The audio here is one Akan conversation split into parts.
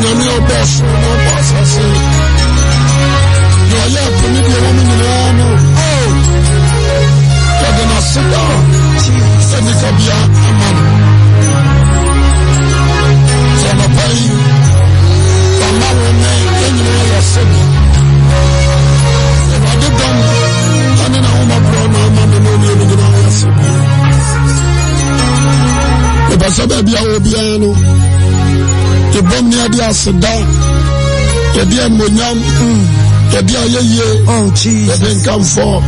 nyame ɔbɔ ɔsoro na ɔbɔ asase deɛ ɔyɛ ɛpo ne deɛ wɔ mu nyinaa no yɛde n'ase da sɛ nipa bia ama no sɛ anɔpa yi wama wo ne yɛn nyinaa yɛ sɛbi awurade dɔm ɔne n'ahomaborɔ na ama me ne ɔne no nyinaa yɛ sɛbi mepɛ sɛ baabi a wɔ biara no yɛde bɔne yɛde aseda yɛde amonyam mm, yɛde ayɛyie oh, yɛde nkamfɔ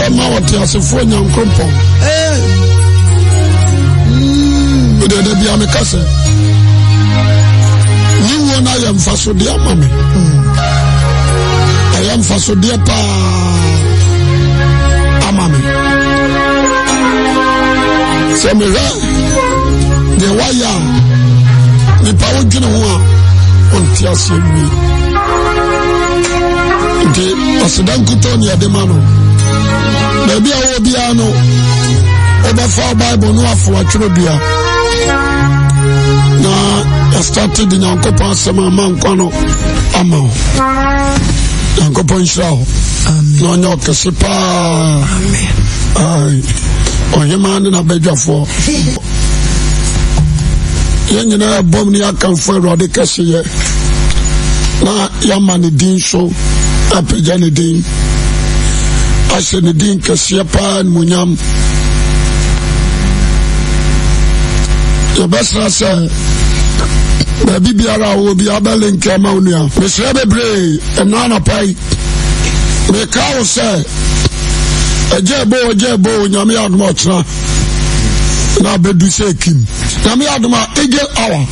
ɛma wɔte asefoɔ nyankopɔn mede eh. da bia meka sɛ ne wuo no ayɛ mfasodeɛ ama me ɛyɛ mfasodeɛ paa ama me sɛ mehwɛ deɛ woayɛ a wodwene ho a ɔnte aseɛ wie nti ɔseda nkutɔ neade ma no baabi a wɔ biara no wobɛfa bible no pas na ɛstate de nyankopɔn asɛm ama nkwa no ama wo nyankopɔn nhyira wo na ɔnyɛ ɔkɛse paa ne n'abadwafoɔ yɛn nyinaa ɛbɔm ne yɛakamfo awurade kɛseyɛ na yɛama ne din so apagya ne din ahyɛ ne din kɛseɛ paa nimonyam yɛbɛsra sɛ baabi biara a wɔ bi abɛlenke ama wo nua mesrɛ bebree ɛna anapai meka wo sɛ agya ɛbo agya ɛbo nyame yɛ adoma ɔkyena na abɛdu sɛ akim nyame adom a ɛgye hour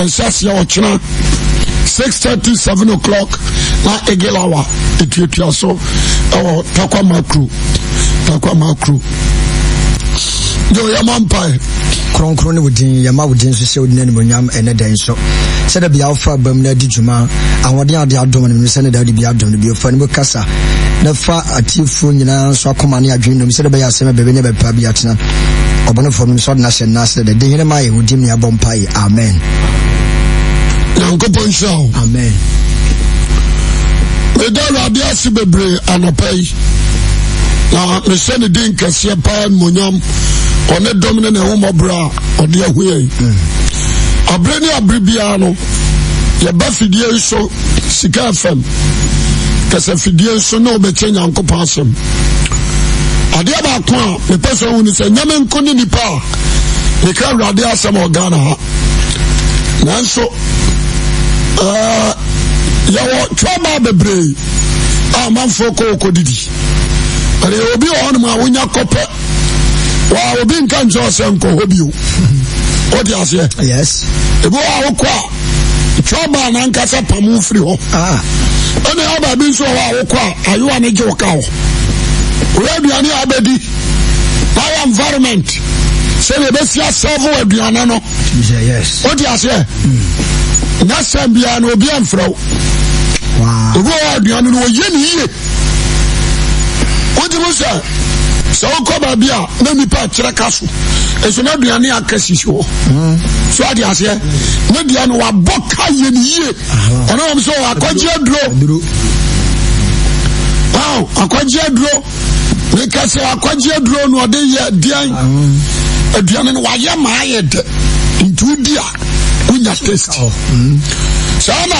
ɛnhyɛseɛ ɔkyena 630 7 o'clock na ɛgye hour ɛtuatua so ɛwɔ takwa makro takwa makro yo yɛma mpae kronkron ne wodin yɛma wodin so sɛ wodin animonyam ɛnɛ dɛn nso sɛdɛ bia wofa bam no adi dwuma ahoɔden ade adom no mnim sɛne daade bia adom no bio fa no mu kasa na fa atiefoɔ nyinaa nso akoma ne adwene nom sɛdɛ bɛyɛ asɛm a bɛbɛnya bɛpa bi atena ɔbɔnefoɔ nom sɛ ɔde no ahyɛ dɛ de ma yɛ wodim ne yɛbɔ mpae amen nyankopɔn hyira wo amen meda awurade ase bebree anɔpa yi na mehyɛ ne din kɛseɛ paa nimonyam One domine ne omobra Adi ya huye hmm. Abre ni abri biyano Ye be fidye yisou Sike efem Kese fidye yisou nou be chen jan koupan sem Adi ya batman Le peson ou ni se Nye men kouni di pa E kre radia sem o gana ha Nan so Yawon chwa ma bebre A man foko okodidi Ale obi yon man Ou nya koupen wa obi nka nkyɛ ɔsɛ nkɔ hɔ bio ɔdi aseɛ. yes. ebi wɔ awokɔ a twɛ ɔbaa nankasa pamu firi hɔ. Ah. ɛna ɔbaa bi nso wɔ awokɔ a ayewa ne gye ɔka hɔ wɔyɛ aduane a abɛdi power environment sɛdeɛ ɛbɛsi asɛfo wɔ aduane no. yes. ɔdi aseɛ. Hmm. na sɛn biara na obi amfrɛ wo. obi wɔ aduane no wɔyɛ ne yie. wogyemu sɛ sɛ wokɔ baabi a na nipa akyerɛ ka so ɛso na aduane aka sisi hɔ so ade aseɛ ne deɛ no wabɔ ka yɛ ne yie ɔno wɔm sɛ oh, akɔgye aduro wow akɔgye aduro meka sɛ akɔgye aduro no ɔde yɛ deɛn aduane no wayɛ ma ayɛ dɛ nti wodi a wonya test mhm. saa na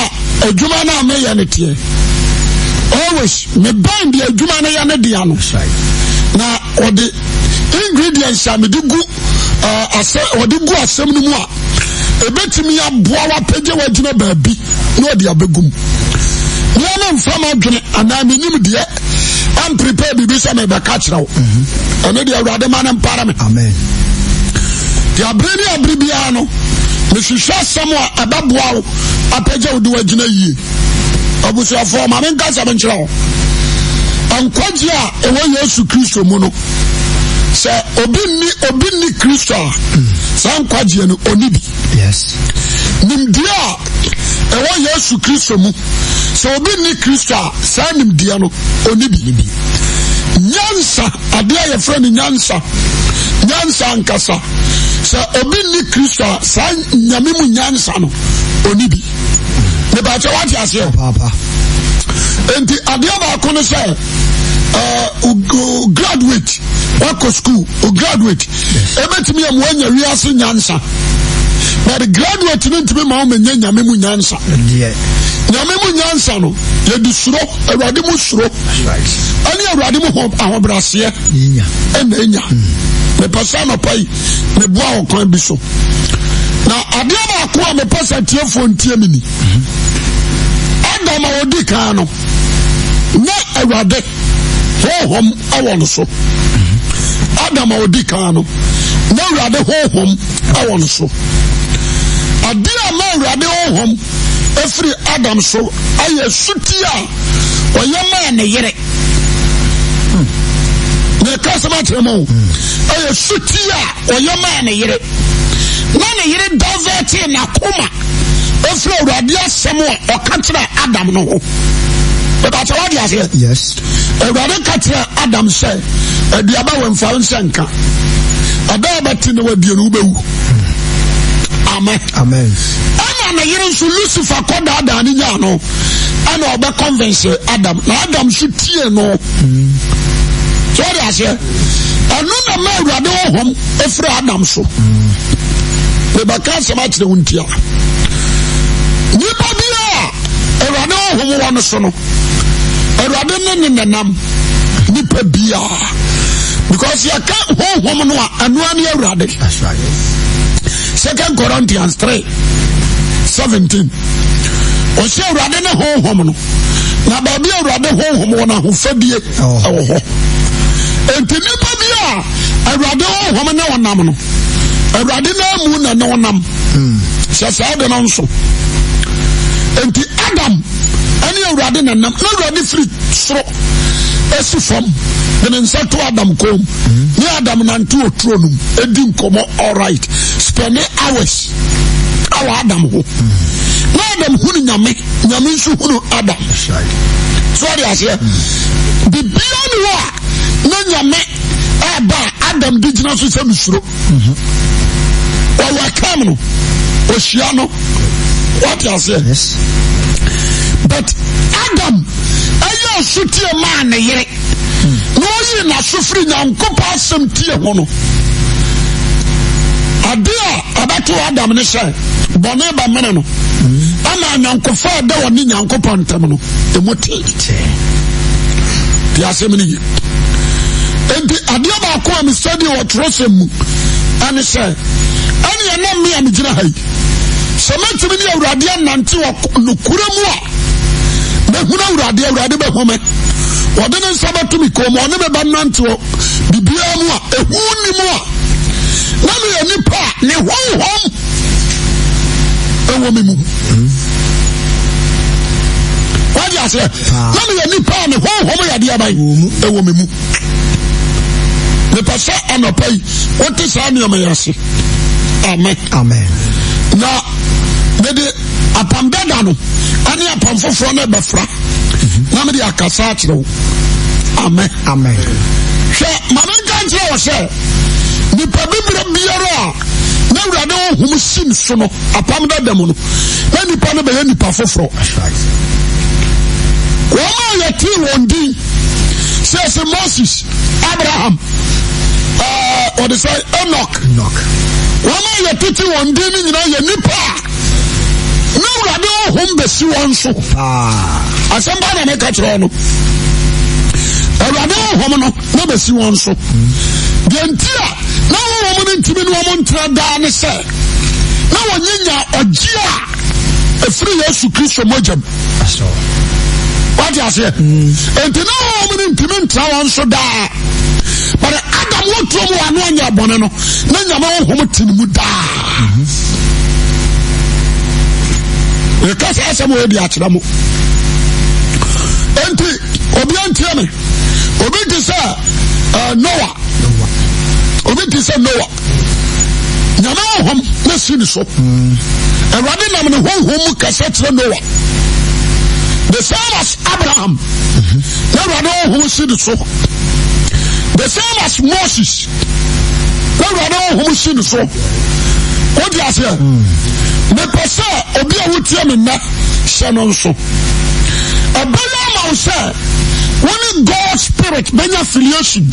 adwuma no a mɛyɛ no teɛ always mebɛn deɛ adwuma no yɛ ne dea no Na wade ingredients ya midi go asem ni mwa, ebeti mi an bwa wap eje wajine bebi, nou di abe gom. Mwen an mwen fwa mwen jine, an nan mwen mwen mwen diye, an mwen prepare bibi sa mwen bekach nou. An mwen mhm. diye wade man an para mwen. Di abe ni abe biyano, mwen shusha se mwen abe bwa wap eje wajine yi. Abo se yo fwa mwen, mwen kansa bensi nou. nkwagye a ɛwɔ yesu kristo mu no sɛ obi ni obi ni kristo a saa nkwagye no oni bi nimdeɛ a ɛwɔ yesu kristo mu sɛ obi ni kristo a saa nimdeɛ no oni bi nyansa adeɛ a yɛfrɛ no nyansa nyansa ankasa sɛ obi ni kristo a saa nyame mu nyansa no oni bi nipa kyɛ wate aseɛ nti adeɛ baako no sɛ eh, graduate wakɔ school o graduate ɛbɛtumi yɛ mmoa nya wiase nyansa but graduate no ntumi ma ɔmɛ nye nyame mu nyansa nyame mu nyansa no yɛde suro awurade mu suro ɛne awurade mu ahobraseɛ ɛna ɛnya hmm. mepɛ sɛ anɔpa yi meboa kwan bi so na adeɛ baako a mepɛ sɛ tiefoɔ ntie ni mhm. adam a wɔdi kaa no na awurade honhom awɔ no so adam a wɔdi kaa no na awurade honhom awɔ no so ade a ma awurade honhom ɛfiri adam so ayɛ suti a ɔyɛ maa ne yere na ɛka sɛm akyerɛ mu ɛyɛ suti a ɔyɛ maa ne yere na ne yere dɔvɛtee n'akoma Abya semo an, an katre Adam nou. Abya semo an, an katre Adam se, diyaba we mfa yon sen ka. Abya semo an, an katre Adam se, Amen. Amen. An an ayirin sou lousi fakon da Adam ni jan nou. An an an konvense Adam. Adam sou tiyen nou. Seyo diya se, an nou nan men yon ade yon hom, efro Adam sou. Abya semo an, an katre Adam se, nipa bi a awurade ɔhowo wɔ no so no awurade ne ne nenam nipa bia because yɛka honhom no a ɛnoa ne awurade second corinthians 3 17 ɔhyɛ awurade ne honhom no na baabi awurade honhom wɔ no ahofadie oh. ɛwɔ hɔ enti nnipa bi a awurade honhom ne ɔnam no awurade no amu na ne ɔnam hyɛ hmm. saa de no nso nti adam ɛne awurade nanam na awurade firi soro ɛsi fam de ne nsa to adam kɔn mu ne adam nante otuo no mu edi nkɔmɔ alright spɛne hours awɔ adam ho na adam hunu nyame nyame nso hunu adam sɔɔde aseɛ bibia ni hɔ a na nyame ɛɛba adam de gyina so sɛ misuro mhm. wɔwɔ kam no ohyia no. What you say? Yes. But Adam, ɛyɛ ɔsotie maa ne yere. Na ɔyɛ n'asofiri nyankopɔ asem tie ho no. Ade a ɛbɛto Adam ne sɛ, bɔne ba mene no. Ama anyankofo a ɛda wɔ ne nyankopɔ ntam no, ɛmu tee. Di asɛm ne yi. Enti adeɛ baako a mesɛdeɛ wɔ twerɛsɛm mu, ɛne sɛ, ɛne ɛnam me a megyina ha yi. sɛ mɛtumi ne awurade anante nokura mu a mɛhunu awurade awurade bɛhome wɔde ne nsa bɛtumi kɔn mu ɔne bɛbɛnante wɔ biribiara mu a ɛhu ni mu a na meyɛ nipa a ne honhom ɛwɔ me mu wagye aseɛ na meyɛ nipa a ne honhom yɛdeɛ ban ɛwɔ me mu mepɛ sɛ anɔpa yi wote saa nneɔma yɛ ase amen amen na apam dada no ɛne apam foforɔ no ɛbɛfra na mede akasa akyerɛ wo amɛ hwɛ ma menka nkyerɛ wɔ sɛ nipa bibrɛ biara a na awurade honhom sin so no apam dada mu no na nipa no bɛyɛ nipa foforɔ wɔn yɛtee wɔn din sɛ sɛ moses abraham ɔde sɛ enok wɔn a yɛtete wɔn din no nyinaa yɛ nipa a si wɔn so asɛm na ne ka kyerɛ no awurade honhom no na bɛsi wɔn so deɛ nti a na honhom no ntumi ne wɔn ntena daa ne sɛ na wɔnye nya ɔgye a ɛfiri yesu kristo mogyam wate aseɛ mm. enti na honhom no ntumi ntena wɔn so daa bɛde adam wɔtuo mu wɔ ano anya bɔne no na nyama honhom te ne daa mm-hmm. meka sɛ asɛm wɔ bi akyerɛ mo enti obia ntie me obi te sɛ eh, noa obi te sɛ noa nyame honhom na si ne so awurade nam ne honhom mu kɛsɛ kyerɛ noa the same as abraham na awurade honhom si ne so the same as moses na awurade honhom si ne so wode aseɛ mepɛ sɛ obi a wotie me nnɛ hyɛ no nso ɛbɛyɛ ama wo sɛ wone god spirit bɛnya filiation."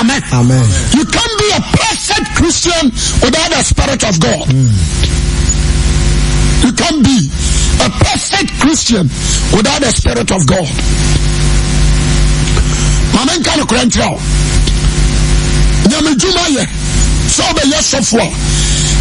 amen. amen you can be a perfect christian without the spirit of god mm. you can be a perfect christian without the spirit of god maame nka no kora nkyerɛ wo nyamedwuma yɛ sɛ wobɛyɛ sɔfoɔ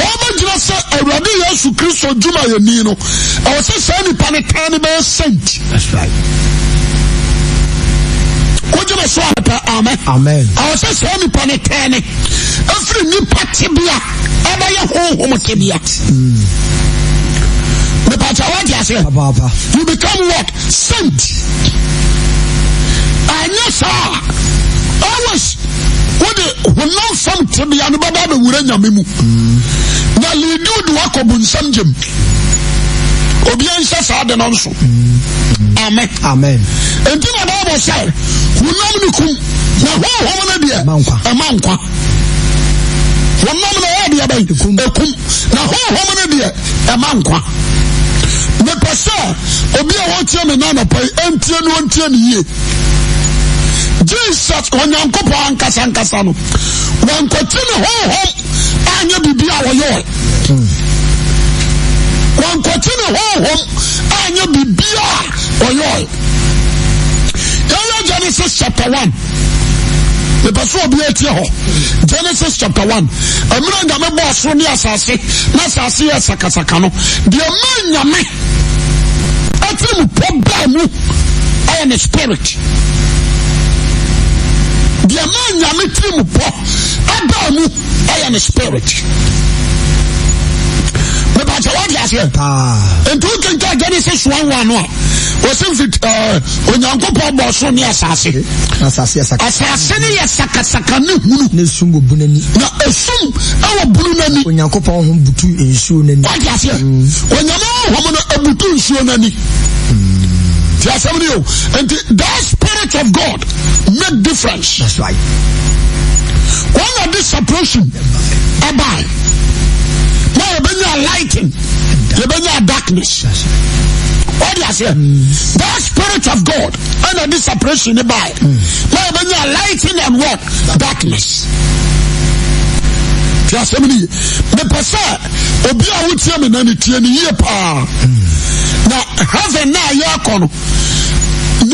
ɔmɔgyina sɛ awurade yesu kristo dwuma yɛni no ɛwɔ sɛ saa nnipa no taa ne sent wogyina so apɛ amɛ ɛwɔ sɛ saa nnipa no taa ne ɛfiri nnipa tebea ɛbɛyɛ honhom tebea mepata wode aseɛ you become what sent ɛnyɛ saa always de honam fam tebea anubaba bɛba bɛwura nyame mu na lidiw de woakɔ bunsam gyem obia nhyɛ saa de no nso amen amen enti na bible sɛ honam no kum na honhom no deɛ ɛma nkwa honam na ɛyɛ deɛ bɛn ɛkum na honhom no deɛ ɛma nkwa mepɛ sɛ obi a wɔtie me na anɔpa yi ɛntie no ɔntie ne yie jesus onyankopɔn ankasa ankasa no wɔnkɔti ne honhom anyɛ biribi a wɔyɛɛ wɔnkɔti ne honhom anyɛ biribi a wɔyɛɛ yɛyɛ genesis chapter 1 mepɛ sɛ obi atie hɔ genesis chapter 1 ɛmerɛ nyame bɔɔ soro ne asase na asase yɛ sakasaka no deɛ ma nyame ɛtiri mu pɔ baa mu ɛyɛ ne spirit Diyaman nye amitri mw pa. Aba mw, ay an espiriti. Mwen pa chan wad yasye. En tou kinkan geni se shwan wan wan. Wosim fit, wanyan eh, koupan bwosyon yasase. Asase yasaka. Asase yasaka sakani. Mwen nou, ne soum wabounen ni. Na, e soum, awabounen e ni. Wanyan koupan mwen butu yishounen e ni. Wad yasye. Wanyan mm. mwen, waman e butu yishounen e ni. Yasye mm. mwen yo. En ti, desp. light of God make difference. That's right. When are this separation abide. Now you bring your lighting, you bring your darkness. What do you say? Mm. That spirit of God under this separation abide. Mm. Now you bring your lighting and what? Darkness. ti asɛm ni mepɛ sɛ obi a wotie me na ne tie ne yie mm. heaven now ayɛ akɔ no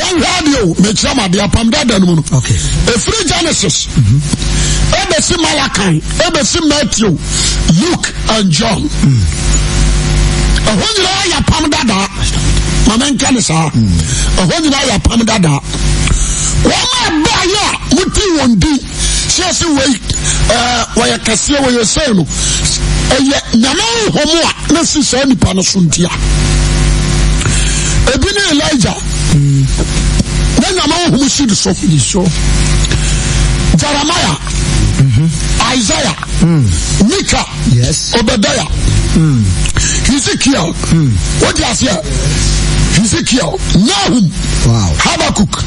wọn wá di o mẹkyerẹ mu adeɛ apam dada no mu no efiri Genesis ebesi Malakai ebesi Matthew Luke and John ɛhɔ nyinaa yɛ apam dada mama nka ne saa ɛhɔ nyinaa yɛ apam dada wɔn a ba yɛ a wɔte wɔn di sɛ ɛsɛ wɔyi ɛɛ wɔyɛ kɛseɛ wɔyɛ sɛn no ɛyɛ nyame nhɔm a na si eh, saa nipa no so ebi ne Elijah. Men naman wou mwishid so finis yo Jeremiah mm-hmm. Isaiah mm. Mika Obadiah mm. Ezekiel mm. Ezekiel Nahum Habakuk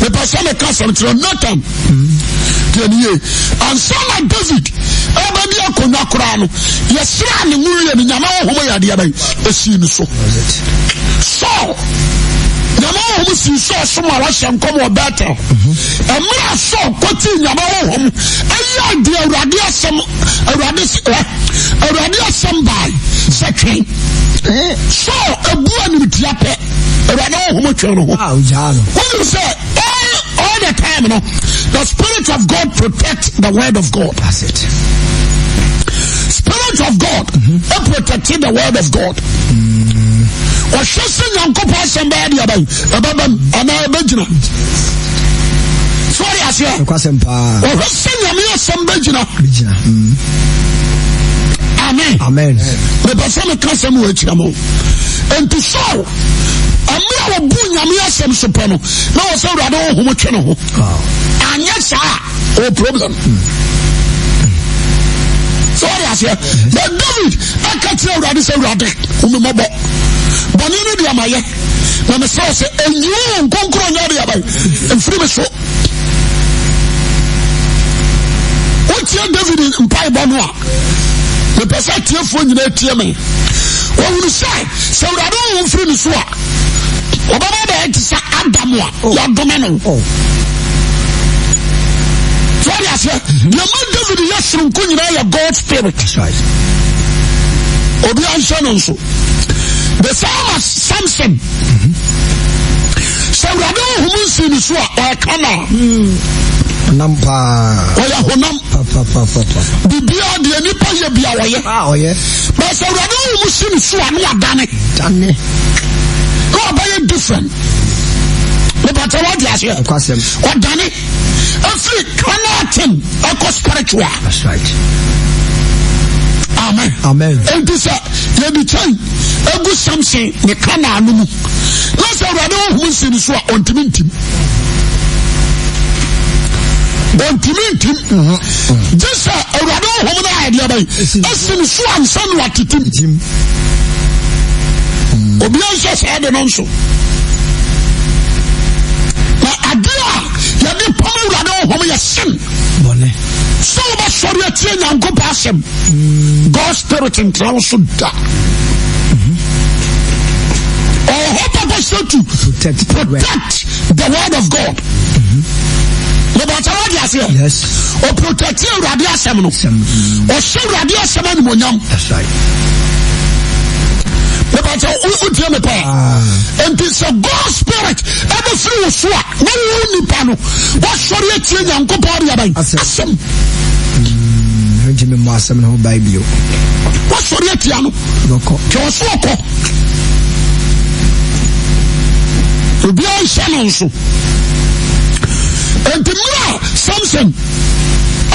Mepaswane Kansan Trenetan Genye Anson la devit Ebe di akon akur anu Yesra ni ngurye Men naman wou mwishid so finis yo So So nyama wɔhom si sɛ ɔsom a wahyɛ nkɔm wɔ bɛtel ɛmerɛ sɛ ɔkɔtii nyama wɔhom ɛyɛ de awurade asɛm awurade awurade asɛm bae sɛ twen so ɛbu animtia pɛ awurade wɔhom atwɛn no ho ah, wonim sɛ all the time no the spirit of god protect the word of god that's it spirit of god mm -hmm. protected the word of god mm. ɔhwɛ sɛ nyankopɔn asɛm bɛyɛ deɛ bɛn ɛbɛbɛm anaa ɛbɛgyina sɔre aseɛ ɔhwɛ sɛ nyame asɛm bɛgyina mm. amen mepɛ sɛ meka sɛm wɔ akyira mo enti sɔl ɛmmerɛ a wɔbu nyame asɛm so pɛ no na wɔ sɛ awurade wohom twe ne ho anyɛ saa ɔwɔ problem mm. sɔre aseɛ na david ɛka kyerɛ awurade sɛ awurade womemɔbɔ Banini di yama yek Nan mese yo se En yon konkro yon ade yabay e En fri mese yo Ou tiye devidi mpa yon e banwa Yon pesa tiye fwenye de tiye men Ou yon yon say Se yon adon yon fri mese yo Ou banwa de yon tiye andamwa Yon domenon Yon man devidi yas yon kwenye Nan yon God Spirit Ou di yon say nan yon so the same as Samson. sɛ awurade ɔhom nsi ne so a ɔɛka no a ɔyɛ honam biribiaa deɛ nipa yɛ bia wɔyɛ ah, but sɛ awurade ɔhom si ne so a ne wadane na ɔbɛyɛ different mepɛtɛ wode aseɛ ɔdane ɛfiri kanatem ɛkɔ spiritual amen amen enti sɛ yɛde kyɛn egu samson ne kanaa no mu na sɛ awurade wohum nsi no so a ɔntumi ntim ɔntumi ntim mhm. gye sɛ awurade wohum no ayɛdeɛ bɛyi asi no so ansa no watetim mhm. obia nhyɛ saa de no nso na adeɛ a yɛde pam awurade wohum yɛ sen Amen. So wobɛsɔre atie nyankopɔ asɛm god spirit ntra wo so da mm-hmm. ɔwɔ hɔ papa sɛ to protect, protect the word of god protect mm-hmm. wode aseɛ ɔprotecte awurade asɛm no ɔhyɛ awurade asɛm animonyam mepatɛ wotie me paa enti sɛ god spirit ɛbɛfiri wo so a na wo nipa no woasɔre atie nyankopɔn de aban asɛm gyeme mmɔ asɛm no ho bae bio woasɔre atia no kyɛ wɔ so ɔkɔ obiara nhyɛ no nso enti mmerɛ a samson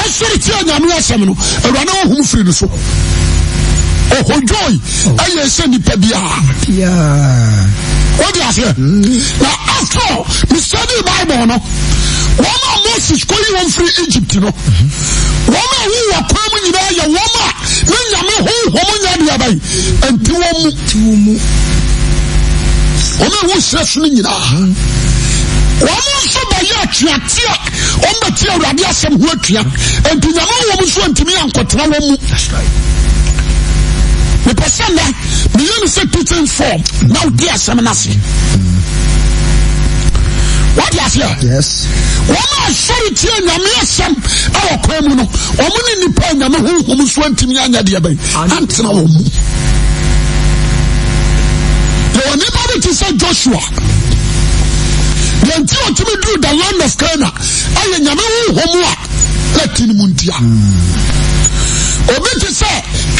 asɔre tia nyame asɛm no awurane wohom firi no so ɔhɔdwoi ɛyɛ sɛ What do you say? Mm. na after study bible no wɔn a moses kɔyi wɔn firi egypt no wɔn a wowɔ kwan mu nyinaa yɛ wɔn a ne nyame honhom nya deaba yi ɛnti wɔn mu wɔn a wosrɛ so no nyinaa wɔn nso bɛyɛ atuate a wɔn bɛti awurade asɛm ho atua ɛnti nyame wɔn nso ntumi ankɔtena wɔn mu mepɛ sɛ nɛ meyɛ no sɛ teaching form na wode asɛm no ase wode aseɛ wɔn a asɔre tie nyame asɛm ɛwɔ kwan mu no ɔmo ne nnipa a nyame honhom so antimi anyɛ deɛ bɛn antena wɔ mu yɛwɔ nnipa bi te sɛ joshua yɛnti ɔtumi duru the land of Canaan ayɛ nyame honhom a na hmm. ti ne mu ntia obi te sɛ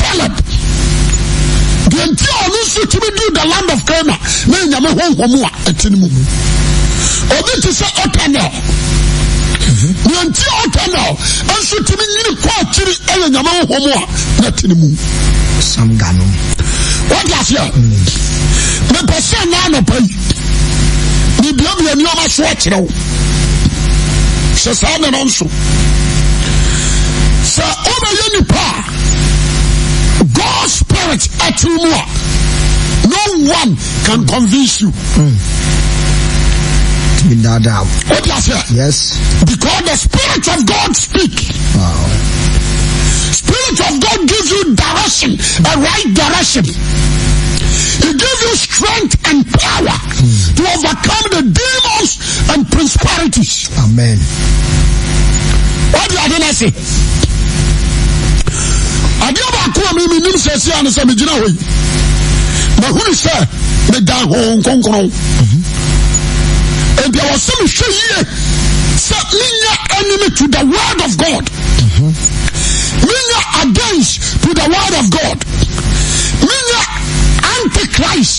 Caleb deɛ nti a ɔno nso tumi du the land of Cana na nyame honhom a ɛte no mu obi te sɛ ɔtanel deɛ nti a ɔtanel nso tumi nyini kɔ akyiri ɛyɛ nyame honhom a na ɛte no mu sam ganom wode aseɛ mepɛ sɛ naa nɔpa yi mebiabia nneɔma so akyerɛ wo hyɛ saa ne no nso sɛ wobɛyɛ nipa a mu a no one can convince you. Mm. doubt. What you say? Yes. Because the Spirit of God speaks. Wow. Spirit of God gives you direction, a right direction. He gives you strength and power mm. to overcome the demons and prosperities. Amen. What do you say? adeɛ baako a memenim sɛsi a ne sɛ megyina hɔ yi mahunu sɛ meda hoo nkronkron enti ɛwɔ sɛ mehwɛ yie sɛ menya enemy to the word of god menya against to the word of god menya antichrist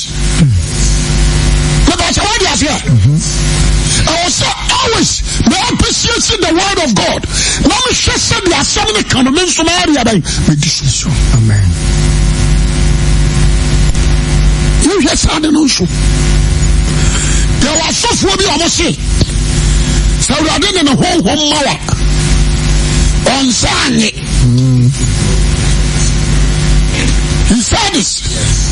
mebakyɛ wode aseɛ I will say always may appreciate the word of God. Let me share some the assembly can mean some area by meditation. Amen. You hear something also. There was so few of you almost say. So we are doing in a whole home hour on Sunday. He mm. said this. Yes.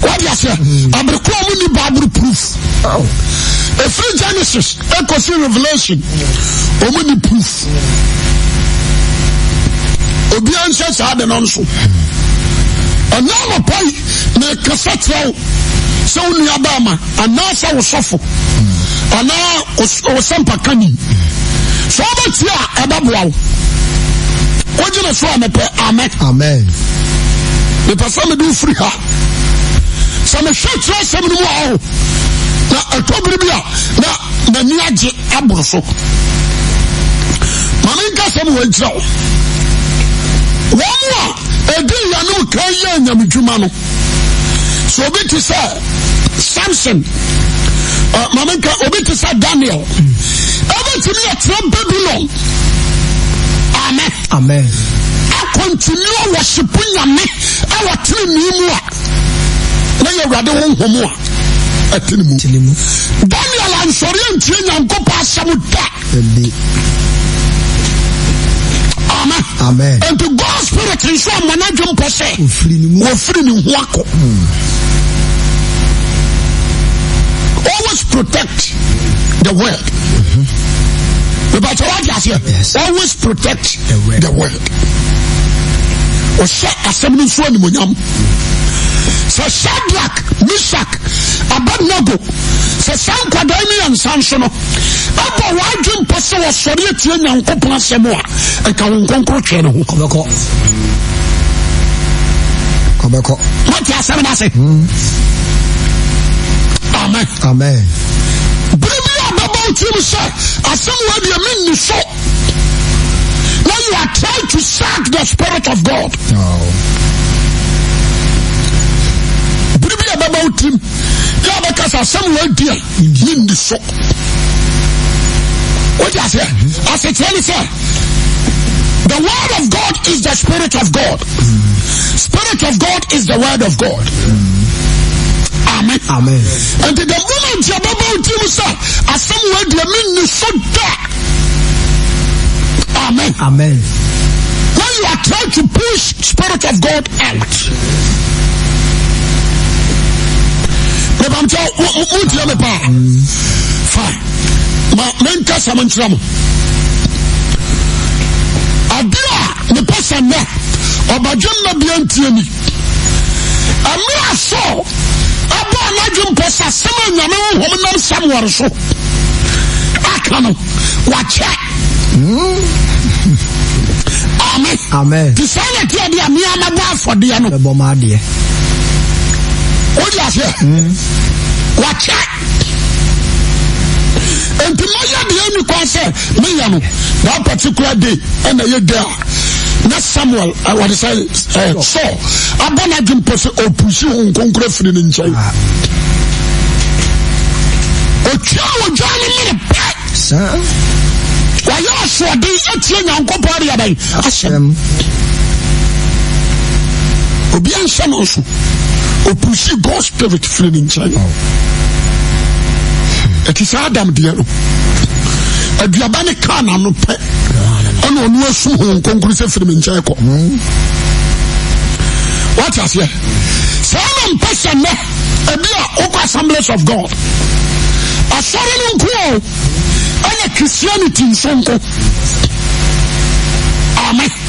Kwa diya se, hmm. abri kwa mouni babri pouf. Ah. E fri Genesis, e kosi Revelation, mouni pouf. Obyan se se ade nan sou. Anan hmm. mwapay, ne keset yaw, se un yada ama, anan sa wosofo. Anan wosem pa kani. So mwen tiya, edab waw. Kwen jine sou anapè, amè. Ni pasan mwen diyo fri ha. sɛ mehwɛ kyerɛ asɛm mu a na ɛtɔ bere bi a na n'ani agye aboro so ma menka sɛm wɔnkyerɛ wo wɔn a ɛdi yanom ka yɛ nyamedwuma no sɛ obi te sɛ samson ma menka obi te sɛ daniel ɛbɛtumi yɛtena babylon amen amen akɔntinua wɔhyepo nyame a wɔtene nii mu a na yɛ awurade wo nhomu a ɛtene mu daniel ansɔre antie nyankopɔn asɛm da amen nti god spirit nso ama no adwe mpɔ sɛ wɔfiri ne ho akɔ hmm. always protect the world mepakyɛ mm-hmm. woade aseɛ always protect the world ɔhyɛ asɛm no nso animonyam mm -hmm. sɛ sadrak misak Abad sɛ saa nkwadaa no yɛnsa nso no ɛbɔ w'adwe mpo sɛ wɔsɔre atie nyankopɔn asɛm a ɛka wo nkonkoro twɛ no ho mate asɛm no ase amen amen bere bi a bɛbɔ wo sɛ asɛm wɔadeɛ so you are trying to sack the spirit of God oh. bɛba wo tirim yɛ bɛka sɛ asɛm wɔadi a mendi so wode aseɛ asekyerɛ ne sɛ the word of god is the spirit of god spirit of god is the word of god amen amen nti the moment yɛ bɛba wo tirim sɛ asɛm wɔadi a menni so da amen amen when you are trying to push spirit of god out Mwen te sa mwen chwamou Fay Mwen te sa mwen chwamou Adira Nye pesa mwen Obajon mwen biyantye mi Amir aso Abwa najon pesa Semen yon wou women nan sam warosou Akano Wachek Amen Disane kye diyan Mwen anabwa fwa diyan Mwen bomade ye O di a fye? Kwa chak. En pi moja di yo e ni konsen. Men yan nou. Nan patikwa di. En a ye de. Nan Samuel. A wadisay. E, so. A ban a jim pose. O pwisi yon kongre fwine nin chay. Ah. O tiyan wajoyan li mene pek. Sa. Kwa yo aswa. Di yo e tiyan nan koupa a di ya bayi. A shen. O biyan shen osu. opusi god spirit firi ne nkyɛn ɛti sɛ adam deɛ no aduaba ne kaa na no pɛ ɛna ɔno asum hon konkro sɛ firi me nkyɛn kɔ wate aseɛ saa na mpɛ sɛ nnɛ ebi a wokɔ assemblies of god asɔre no nko o ɛna christianity nsonko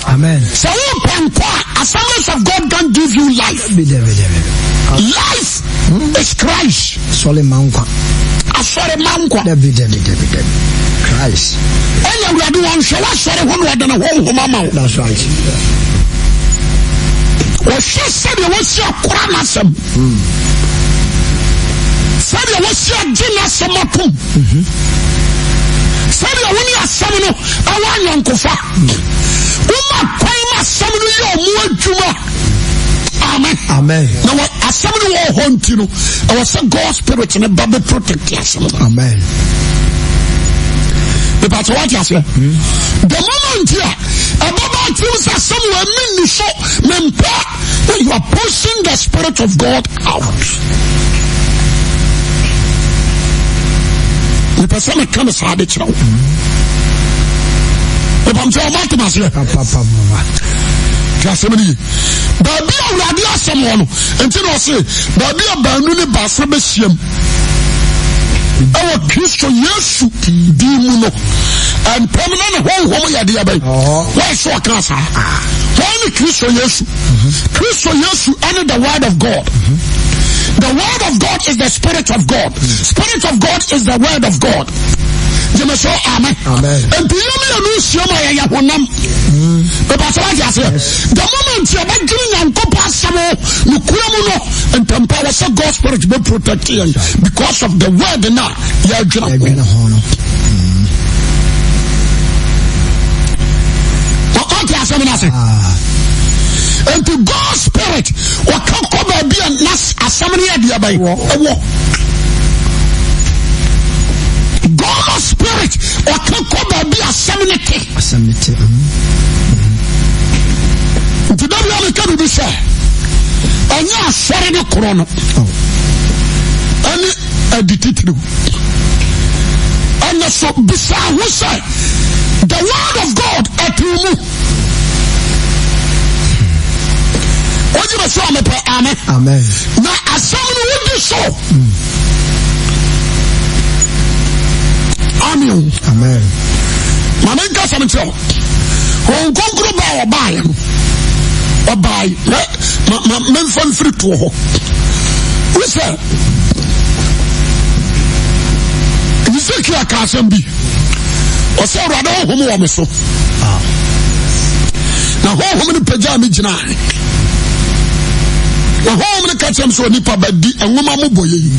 Amen. So who can Assemblies of God don't give you life. Life hmm? is Christ. Sorry, Mankwa. Asɔre ah, mankwa. Dabi dabi Christ. Ɛyɛ wɔn wo. That's right. Wɔhwɛ sɛdeɛ wɔsi akora n'asɛm. Sɛdeɛ wɔsi agye n'asɛm atom. Sɛdeɛ ni no Mm woma kwan ma asɛm no yɛ ɔmo adwuma amen na asɛm no wɔ hɔ nti no ɛwɔ sɛ god spirit ne ba bɛprotect asɛm no amen mepatɛ woate aseɛ the moment a ɛbɛba tirim sɛ asɛm wɔ ami nni so mempɛ when you are pushing the spirit of god out mepɛ sɛ meka me saa de kyerɛ wo mepam sɛ ɔma tem aseɛ nti asɛm no ye baabi awurade asɛm wɔ no nti na ɔse baabi a baanu ne baasa bɛhyiam ɛwɔ kristo yesu din mu no mpɛm no ne honhom yɛdeɛ bɛn wɔɛsɛ ɔka saa wɔn ne kristo yesu kristo yesu ɛne the word of god the word of god is the spirit of god spirit of god is the word of god jẹmẹ sọ amen. nti nnọọ yẹn nu si ọmọ yẹn yẹ honam. pèpà sọ wá ase. the moment yẹ bá gírí yàn kó pa asamu ní kúrẹ́ mu nọ ntẹ̀mpa wọ́n sẹ́ God spirit bẹ́ protect yẹn because of the word na yẹ adwina kó. ọkọ ti asẹ́mi náà sẹ́. nti God ah. spirit wọ́n kọ́ kọ́ bẹ̀ẹ́bí ẹ̀ ná asẹ́mi ni yẹ di ẹ̀ bẹ́ẹ̀ wọ́. evil spirit ɔkekɔ baabi asɛm ne te nti da bia meka biribi sɛ ɛnyɛ asɔre ne korɔ so bisaa ho sɛ the word of god mu wogyina so Amen. ame na asɛm no wodi so ami o. maame nka sami kyerɛ o wɔn nkonkoro baa ɔbaa yɛ no ɔbaa yi mɛ ma ma mɛnfa nfiri toɔ hɔ wusɛ ezekiel ka asɛm bi ɔsɛ awurade ɔhom wɔ me so na hɔhom no pagyaa me gyinaa na hɔhom no ka kyerɛm sɛ onipa badi ɛnwoma mobɔyɛ yi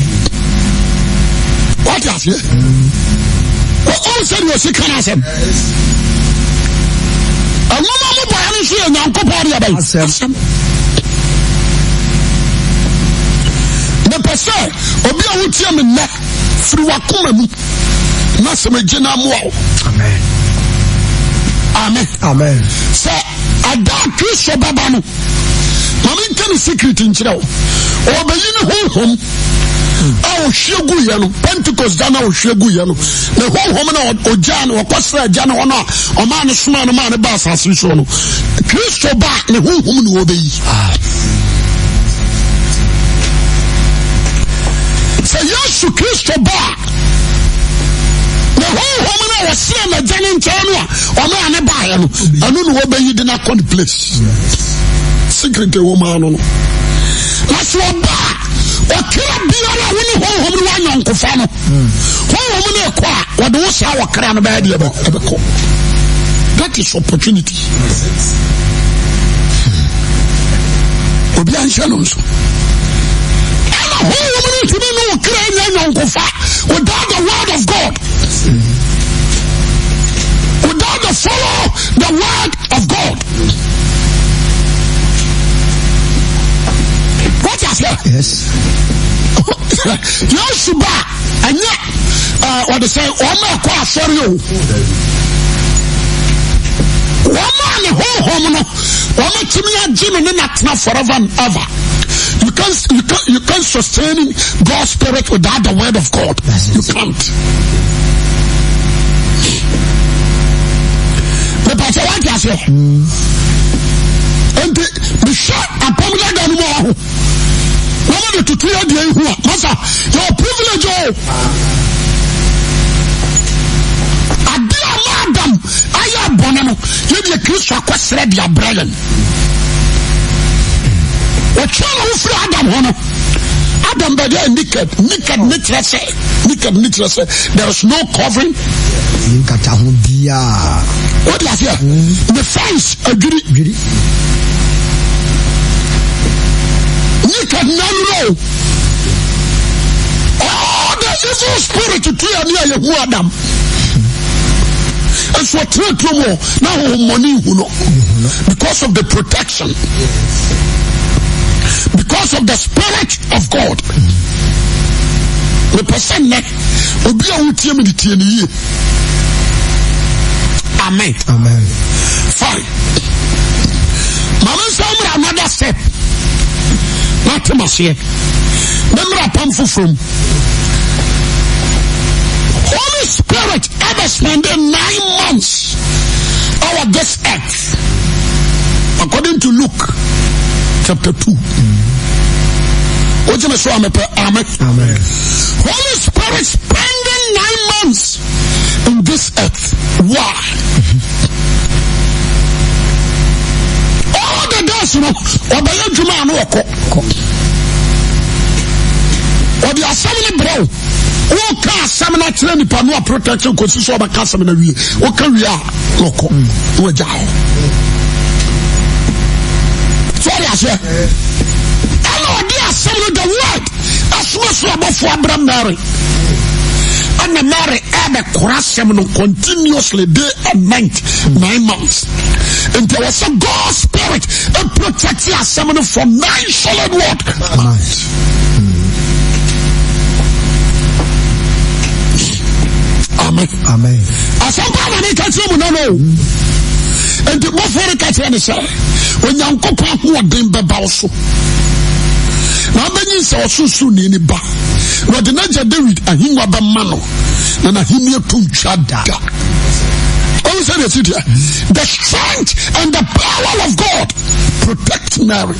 wate aseɛ ɔnsɛne ɔsika no asɛm ɛwoma mobɔa no nso yɛ nyankopɔn ne yɛbɛyi asɛm mepɛ sɛ obi a wotie me nnɛ firi wakoma mu na sɛmegye no mmoa wo amen sɛ adaa kristo baba no ma menka ne secret ɔbɛyi ne honhom a wohwie gu yɛ no pentecost da na wohwie gu yɛ no na honhom na ogya no wɔkɔsrɛ agya ne hɔ no a ɔma ne soma no ma ne ba asase so no kristo ba ne honhom ne wɔbɛyi sɛ yesu kristo ba a na honhom no a wɔserɛ n'agya ne nkyɛn no a ɔno a ne baeɛ no ɛno ne wɔbɛyi de no akɔ place secret ɛwɔ maa no no na sɛ ɔba ɔkra biara a wone honhom no woanyɔnkofa no honhom no ɛkɔ a wɔde wo saa wɔkra no bɛyɛ deɛ ɛbɛkɔ that is opportunity hmm. obi anhyɛ no nso ɛna honhom no ntumi ne wo kra nya nyɔnkofa without the word of god without the follow the word of god aseɛ yesu ba a ɛnyɛ ɔde sɛ ɔma ɛkɔ asɔre o wɔma ne honhom no wɔmatumi agye no ne natena forever and ever You can't, you can't, you can't sustain God's spirit without the word of God. you can't. Papa sɛ wate aseɛ nti mehwɛ apɔmdada no mu ɔho de tutu yɛ deɛ ihu a masa yɛ privilege o ade a ma adam ayɛ abɔne no yɛ deɛ kristo akɔsrɛ de abrɛ yɛn wɔtwerɛ na wofiri adam hɔ no adam bɛdeɛ naked naked ne kyerɛ sɛ naked ne kyerɛ sɛ there is no covering nkata ho biaa wode aseɛ ne fence adwiri o the evil spirit to tu me a yehu adam nso ɔtena kurom hɔ na ahohommɔne nhu no because of the protection because of the spirit of god mepɛ sɛ nnɛ obi a wotie me de tie ne yie amen fine mame nsa mmra another step Remember, aseɛ memmra pam from holy spirit ever spend nine months over this earth according to luke chapter 2 wogyeme so amepɛ ame holy spirit spending nine months in this earth why nurse no ɔbɛyɛ adwuma ano ɔkɔ ɔde asɛm no brɛ wo woka asɛm no akyerɛ nipa no a protection kɔsi sɛ ɔbɛka asɛm no awie woka wie a na ɔkɔ na wagya hɔ sɔre aseɛ ɛna ɔde asɛm no the word asoma so abɔfoɔ abrɛ mary ɛna mary ɛbɛkora asɛm no continuously day and night nine months nti ɛwɔ sɛ god spirit asɛm no for nine solid word hmm. amen asɛm pa na ne ka kyerɛ mu no no enti mɔfore ka kyerɛ ne sɛ onyankopɔn ahoɔden bɛba wo so na wobɛnyi sɛ ɔsoso ne ni ba na ɔde n'agya david ahengua bɛma no na n'ahenni atu ntwa da Only say it here. The strength and the power of God protect Mary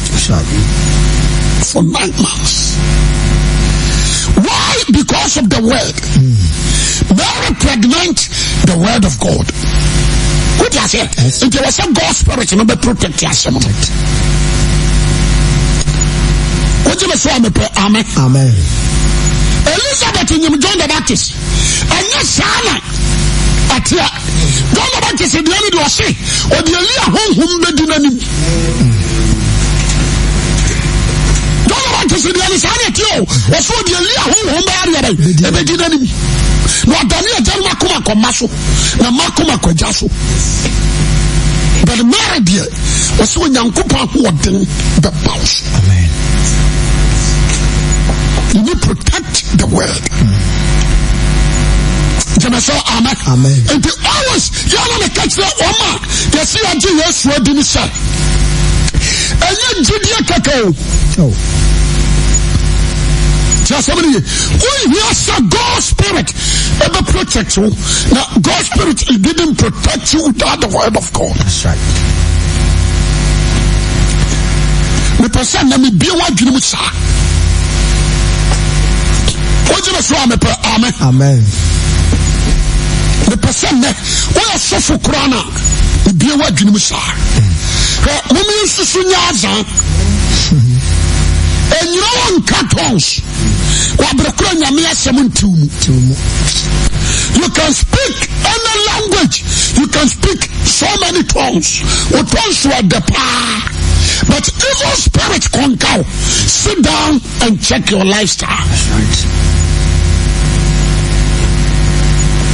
for nine months. Why? Because of the word. Mary pregnant the word of God. What you say? If there was a God spirit, you know, be protect your moment. What you say? Amen. Amen. Elizabeth in John the Baptist. And yes, Amen. atia ghana bank sɛ deɛ no deɛ ɔse ɔde ali honhom bɛdi no o na ɔdane agya no makoma so na makoma so but mary deɛ onyankopɔn ahoɔden bɛba wo so you need protect the world mm. jẹmẹsọ amen nti always yàrá mi kẹsìlẹ ọmọ yẹsi agye yẹsu ẹdi ni sẹ ẹyẹ jidie kẹkẹ o tí a sọ mi nìyẹ wọn yìí asa God spirit ẹ bẹ protect you na God spirit he didn't protect you without the word of God. That's right. mepɛ sɛ na mebie w'adwene mu saa wogyina so a mepɛ amen, amen mepɛ sɛ nnɛ woyɛ sɔfo koraa no a obia woadwenem saa hwɛ momeɛ nsusu nyɛ azaa ɛnyina wɔ nka tons wɔabrɛ kora nyame asɛm ntiw mu You can speak any language. You can speak so many tongues. Or tongues were the power. But evil spirits conquer. Sit down and check your lifestyle.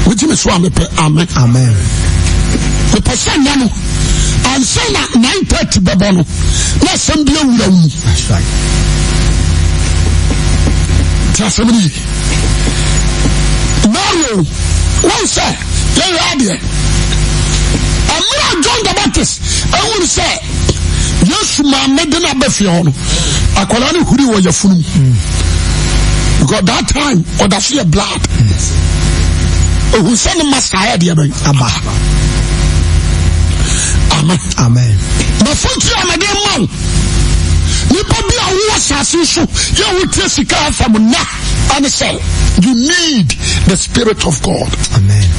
wotumi so a mepɛ amen amen mepɛ sɛ nna no ansa na nine thirty bɛbɔ no na asɛm bi awura wo mu nti asɛm no yi mario wɔn sɛ yɛyɛ adeɛ ɛmmerɛ john the baptist ɛhunu sɛ yesu maame de no abɛfie hɔ no akwadaa no huri wɔ yɛfunu mu because that time ɔda so yɛ blood mm. ehu sɛ ne masa ayɛ deɛ bɛyi aba amen amen mafotu amade ma wo nipa bi a wowɔ asase so yɛ wotie sika afa mu na ane sɛ you need the spirit of god amen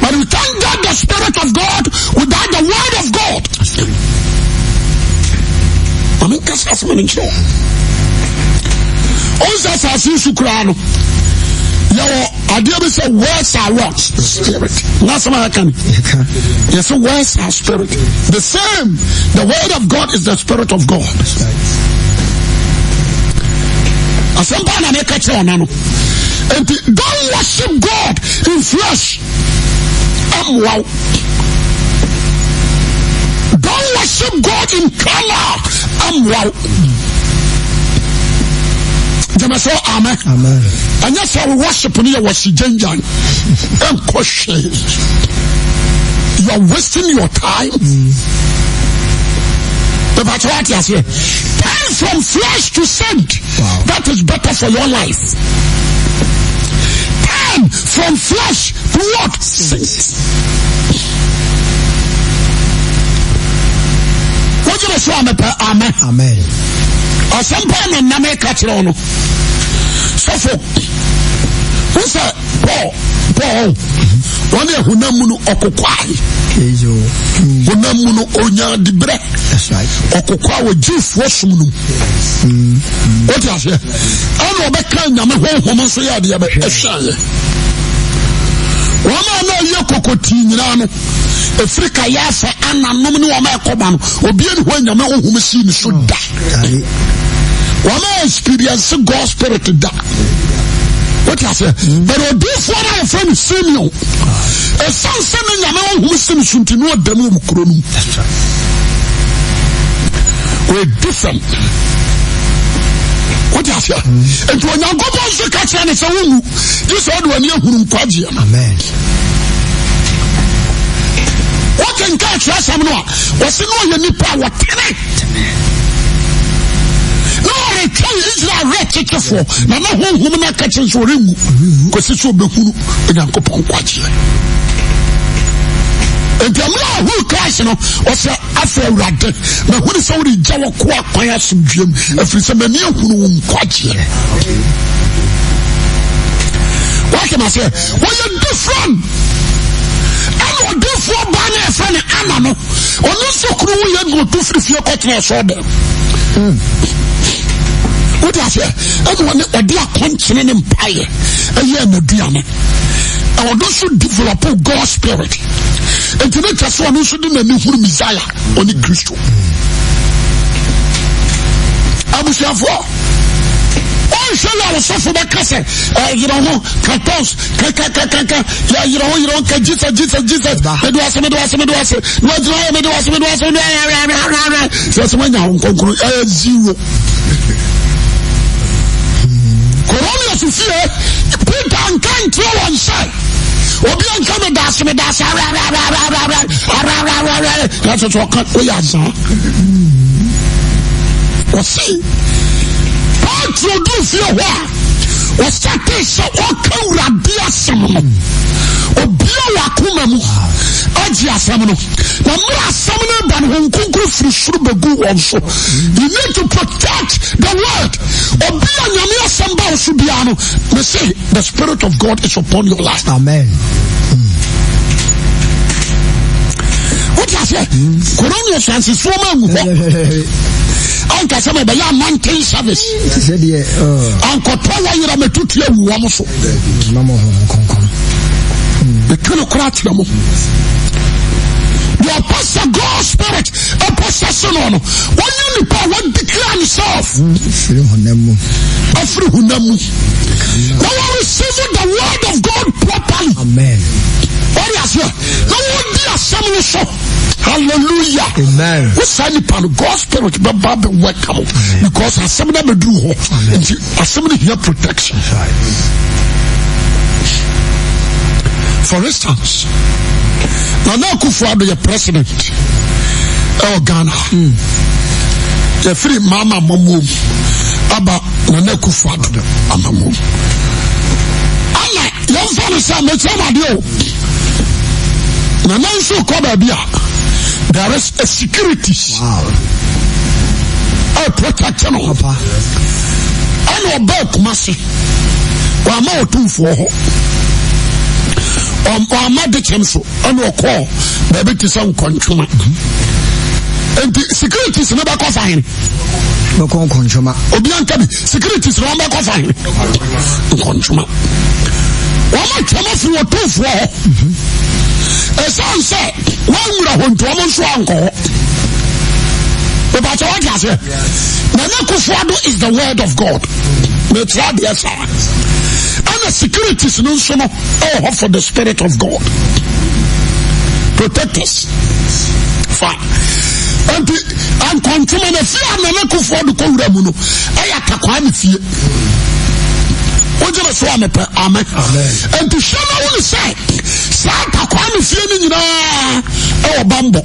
but you can't the spirit of god without the word of god mamenkasa asɛma no nkyerɛ wo ɔnsɛ asase so koraa no yɛwɔ adeɛ bi sɛ words are what spirit nasɛm ayɛka ne yɛsɛ words are spirit the same the word of god is the spirit of god asɛm paa na meka kyerɛ ɔna no enti don't worship god in flesh amwoa wo don't worship god in color amwoa wo jẹmẹ sọ amẹ ẹnyẹ sọ wọ worship ni yẹ wọ si jẹnjan ẹ n kọ ṣe you are wasting your time. Bàbá mm. tí wàá ti àṣẹ. Turn from flesh to sand. Wow. That is better for your life. Turn from flesh to what? Saint. Wọ́n jẹ́ bẹ̀ Amen. Amen. Ase mpè mè nè mè katè rò nou. So fò. Fò. Fò. Wanè fò nè moun nou akokwa. Wanè moun nou onyè di bre. Esè. Akokwa wè jif wè sou moun nou. O te asè. An wè kè nè mè wè wè mè sè yè di yè mè. Esè. Wan mè anè yè kò kò ti nè nan nou. Afrika yè se an nan nou mè nou wè mè kò ban nou. Wè bè nè wè nè mè wè mè sè yè mè sè yè mè. Waman espiryans se gospel ete da. Wot yase? Beri wadou fwana wafen semyon. E san semen yaman wang wistemi chunti nou ademou mkroni. Wadou fwana. Wot yase? E pwanyan gopon jika chanese wou. Dise wadou anye woun mkwajye. Amen. Wot enkache e asam nou. Wase nou yeni pwa wateni. Amen. Mm je se 97. O de a se, an wane o de a kon chine nem paye. E a ye an o de a men. A wane do sou developo God's spirit. E tine chaswa nou sou do meni ful mizaya. O ni Kristou. A mousi avwa. Ou yon se la wane sa ful baka se. A e, yi don wou, ka taos, ka ka ka ka ka. A yi don wou, yi don wou, ka jisa jisa jisa. Medwase, medwase, medwase. Medwase, medwase, medwase. Fwase wane a wankon kuru. A ye zi wou. asefie peter nka ntie wɔn sɛ obi nka medase medase ɛsɛ sɛ ɔka ɔyɛ asaa ɔse paatro duu fie hɔ a ɔsɛ te sɛ ɔka wurade asɛm no we mu agye asɛm no na mmerɛ asɛm no ba no honkonkro firi soro bɛgu wɔn so you need to protect the word obi a nyame asɛm ba wo so biara no me se the spirit of god is upon your life amen wote aseɛ coronius francis ma agu hɔ anka sɛ ma ɛbɛyɛ amanten service oh. ankɔtɔ wɔ yerɛ matutua wuwɔ m so meka no kora spirit mo deɛ ɔpɛ sɛ god spirit ɛpɛ sɛ se no no wɔnyɛ nipa a No himself ɔfiri honam mu na the word of god properly amen ɔre aseɛ na wɔdi asɛm no so hallelujah amen wosaa nipa no God's spirit bɛba bɛwɛka mo because a no bɛduru hɔ nti asɛm no here protection for instance nana akufo ado yɛ president ɛwɔ ghana mm. yɛfiri maama amamuom aba nana akufo ado amamuom ana yɛmfa no sɛ mekyerɛ m adeɛ o nana nso kɔ baabi a there is a securities wow. a protect no ɛna ɔbaa kuma se wama ɔtomfoɔ hɔ ɔama de kyɛm so ɛne ɔkɔɔ baabi te sɛ nkɔntwoma nti securities no bɛkɔ fa hene bɛkɔ nkɔntwoma obi anka bi securities no ɔmbɛkɔ fa hene nkɔntwoma wɔma twɛm afiri wɔtomfoɔ hɔ ɛsiane sɛ woanwura hɔ nti ɔmo nso ankɔ hɔ wopatɛ wode aseɛ na ne kofoa do is the word of god metra deɛ saa ane sekiriti sinon sonon, e yo ho for the spirit of God. Protekte si. Fai. Enti, an kwan chume nefye amene kufwa di kon ulem unu, e ya kakwa mi fye. Oje nefye ame pe, ame. Enti, chume unise, sa kakwa mi fye minina, e yo bando.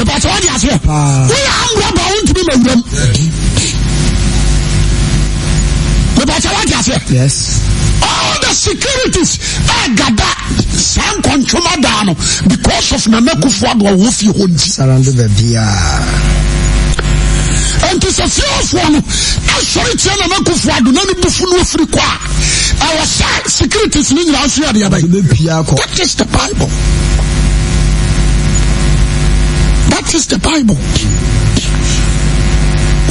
E pa chume di asye, ouye an gwa ba unti mi me ulem. mepàtà wà ase. yes. all the securities ẹ gada saa nkɔntoma daa no because of nana kufu ado a wofi hɔ nti. sarando baabi a. nti sɛ fiefoɔ no asɔre tia nana kufu ado na ne bufu no afiri kɔ a ɛwɔ sɛ securities ne nyinaa nso yɛ adeɛ that is the bible. that is the bible.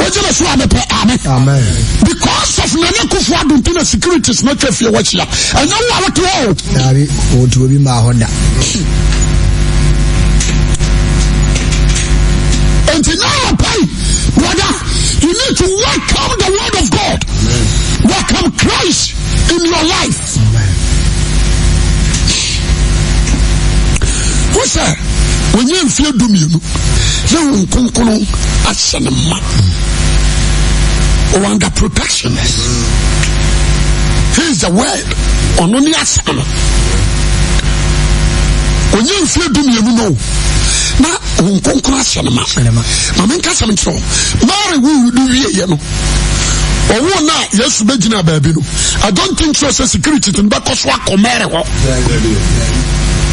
wọ́n jẹ́ fún abẹ́pẹ́ amẹ́. because of nane kofo adunti na securities na twẹ́ fi ẹwọ́ kyia ẹ̀yẹ́ wọ́n àwọn tó wọ́. yàrá o tí o bí máa hó da. nti náà pay brother you need to welcome the word of God Amen. welcome Christ in your life. wosɛ wònyɛ nfiɛ dumienu ne wo nkonkono ahyɛ ne ma. Mm. Ou an de perfectionist. Here is the word. Ou nou ni asan. Ou ye yon fwe bimi yon nou. Na, ou kon kon asan nan ma fwe de man. Ma men kase mi tro. Mare wou yon yon yon yon. Ou wou na, yon soubejina bebi nou. I don't think so se si kiriti ten bako swak omeri wot.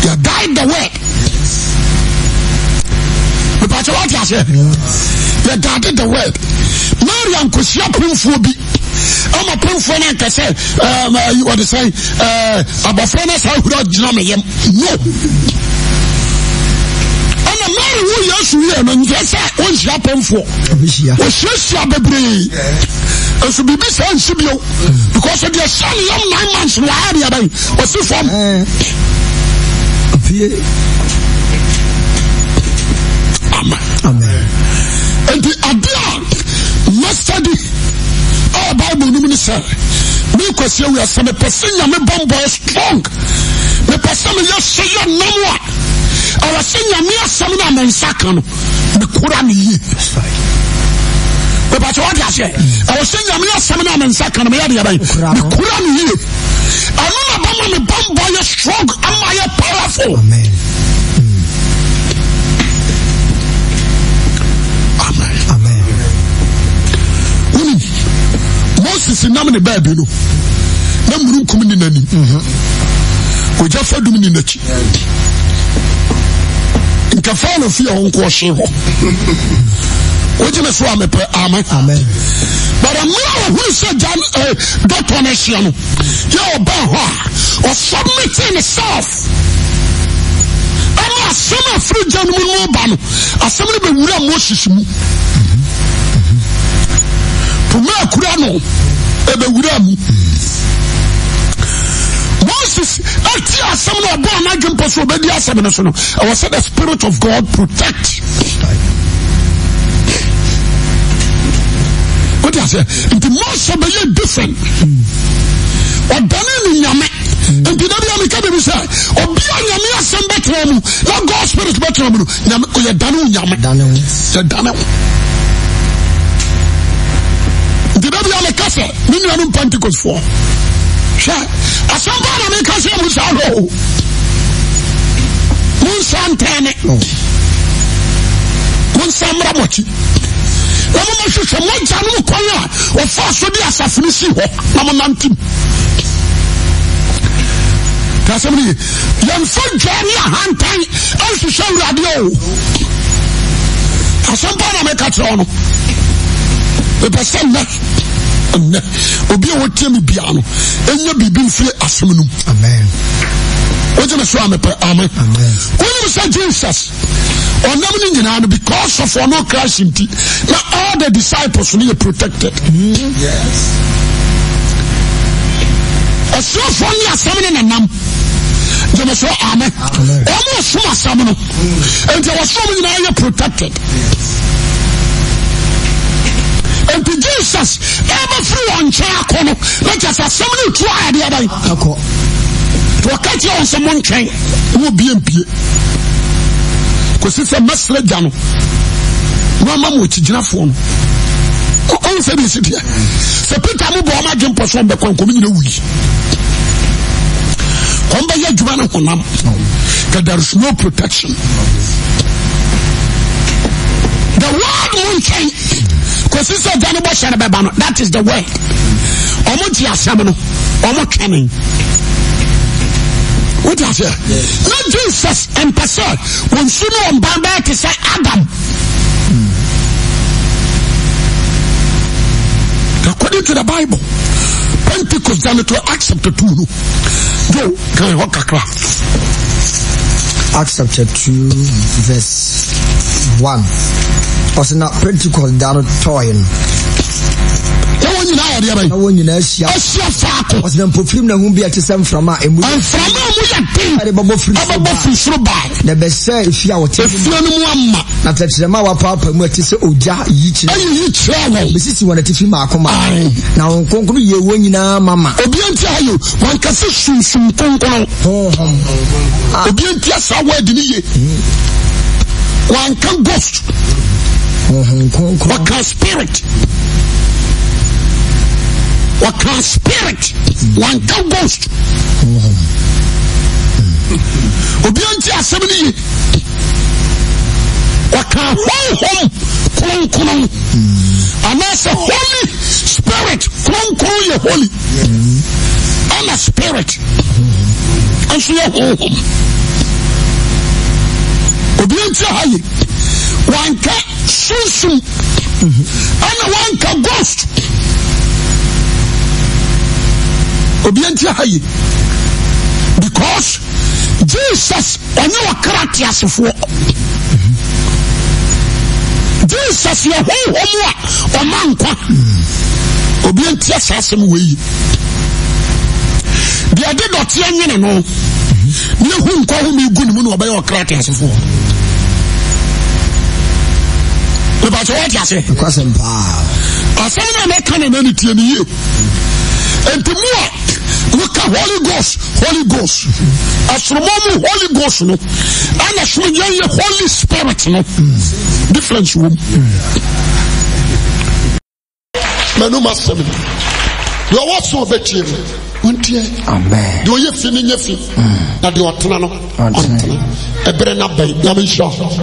Ya died the word. Yes. Yon pati wak yase. Ya died the word. malaria nkosia pomfoɔ bi ama pomfoɔ um, uh, uh, no anka sɛ wɔde sɛ abɔfra no saa ahura gyina meyɛm no ɛna mary wo yesu yɛ no nyɛ sɛ wonhyia pomfoɔ wɔhyiahyia bebree nso biribi saa nsi bio hmm. because deɛ sɛne yɛm nine months no wɔaarea bɛn wɔsi fam eh. Amen. Amen. sɛ mekwasi awia sɛ mepɛ sɛ nyame bɔmbɔɛ strong mepɛ sɛ meyɛ so yɛ nam a ɛwɔ sɛ nyame asɛm no a me nsa ka no mekora ne yie mepɛ sɛ wode aseɛ ɛwɔ sɛ nyame asɛm no a me nsa ka no meyɛ deɛ bɛn mekora ne yie ɛno na bɛma me bɔmbɔyɛ strong ama yɛ powerful Amen. si nam ne baabi no na murukum ni n'anim mhm. ogya fadum ni n'akyi nka faalo fi a wɔn nkɔ ɔhyee hɔ wogyina so a mepɛ amen bara mmerɛ a wɔhunu sɛ gya eh, dɔtɔ no ahyia no yɛ ɔbaa hɔ a ɔsubmitin self ama asɛm a firi gya no mu no ba no asɛm no bɛwura moses mu mhm poma akura no ɛbɛwura mu moses ɛti asɛm no ɔbɔ anadwe mpɔ so ɔbɛdi asɛm no so no ɛwɔ sɛ the spirit of god protect wode aseɛ nti mose bɛyɛ different ɔdane ne nyame nti da bia meka biribi sɛ ɔbia nyame asɛm bɛtena mu na god spirit bɛtena mu no yɛdane wo nyame yɛdane wo nti dabi a meka sɛ me nuanom pentecostfoɔ hwɛ asɛm pa na meka sɛ mu saa no monsa ntɛne monsa mmra mɔkyi na momɔhwehwɛ mogya no mkwan a wɔfaa so de asafo no si hɔ na monantim tasɛm no ye yɛmfa dwaa ne ahantan anhwehwɛ awurade o asɛm pa na meka kyerɛ wo no mepɛ sɛ nnɛ nnɛ obi a wɔtie me bia no ɛnya biribi mfiri asɛm no wogyeme so amepɛ ame wonim sɛ jesus ɔnam no nyinaa no because of ɔno christ nti na all the disciples no yɛ protected asuafoɔ ne asɛm ne nanam gyeme so ame ɔma ɔsom asɛm no enti mm. wɔsom nyinaa yɛ protected yes nti jesus ɛbɛfiri wɔ nkyɛn akɔ no na sɛ asɛm no tu ayadeɛ bɛn wɔka kyerɛ wɔn sɛ mo nkyɛn wɔ bie mpie kɔsi sɛ mɛsrɛ gya no na ama mo akyigyinafoɔ no ɔn sɛ birisi deɛ sɛ peter mo bɔ ɔma adwe mpɔ so ɔmbɛkɔ nkɔm nyina wuyi kɔm bɛyɛ adwuma no honam that there is no protection the world mo nkyɛn kosi no that is the word Omo gye asɛm no ɔmo twɛne wote aseɛ na jesus mpɛ person. When no ɔmban bɛyɛ te adam according to the bible pentecost da to accept the 2 no yo kan hɔ kakra acts chapter 2 verse 1 ɔsɛ na pentecost da no tɔɔe no wɔn nyinaa yɛ deɛ bɛyi. na wɔn nyinaa ahyia. ahyia faako. ɔsɛ mpofirim na ehun bi a ti sɛ nframa a emu. nframa a mu yɛ den. ɛde bɛbɔ firi soro baa. ɛbɛbɔ firi soro baa. na bɛsɛ efi a wɔte. efiɛ no mu ama. na tɛtɛrɛma a wapaapa mu a ti sɛ ogya yi kyerɛ. ɛyi yi kyerɛ wɔ. besisi wɔn atifi maako ma. na wɔn nkonkoro yɛ wɔn nyinaa mama. obi nti ayɛ wɔn kɛse sunsun nkonkoro. Ah. obi nti asawo adi ni ye. Hmm. ghost. Uh-huh. wɔka spirit wɔka spirit wanka ghost obia nti asɛm no ye wɔka honhom kronkron anaasɛ holy spirit kronkron yɛ holy ana spirit nso yɛ honhom obia nti aha ye wanka sunsum ɛna wanka ghost obiara nti aha yi because jesus ɔne ɔkra te asefoɔ jesus yɛ honhom a ɔma nkwa obiara nti asaasɛm wɔ yi deɛ ɛde dɔteɛ nyene no ne ɛhu nkwa ho me gu ne mu na ɔbɛyɛ ɔkra te asefoɔ mebàtí wọ́n ti ase. nkwasẹ̀m paa. ọ̀sán náà mẹ́ka náà mẹ́ni tiẹ̀ nìyí. Ètò mu a wíkà holy ghost holy ghost àsùnmọ́mù holy ghost no ẹ̀nà sùnmùyẹ́ yẹ holy spirit no difference wọ́n. Mẹ́nu ma sẹ́mi. Yọ wọ́n sọ ọbẹ̀ tiẹ̀ mi. Wọ́n tiẹ̀. Amen. Deɛ ɔyɛ fi ni nye fi. Na deɛ ɔtena no. Ɔtena. Ɛbɛrɛ n'abɛn. Nyame nhyira.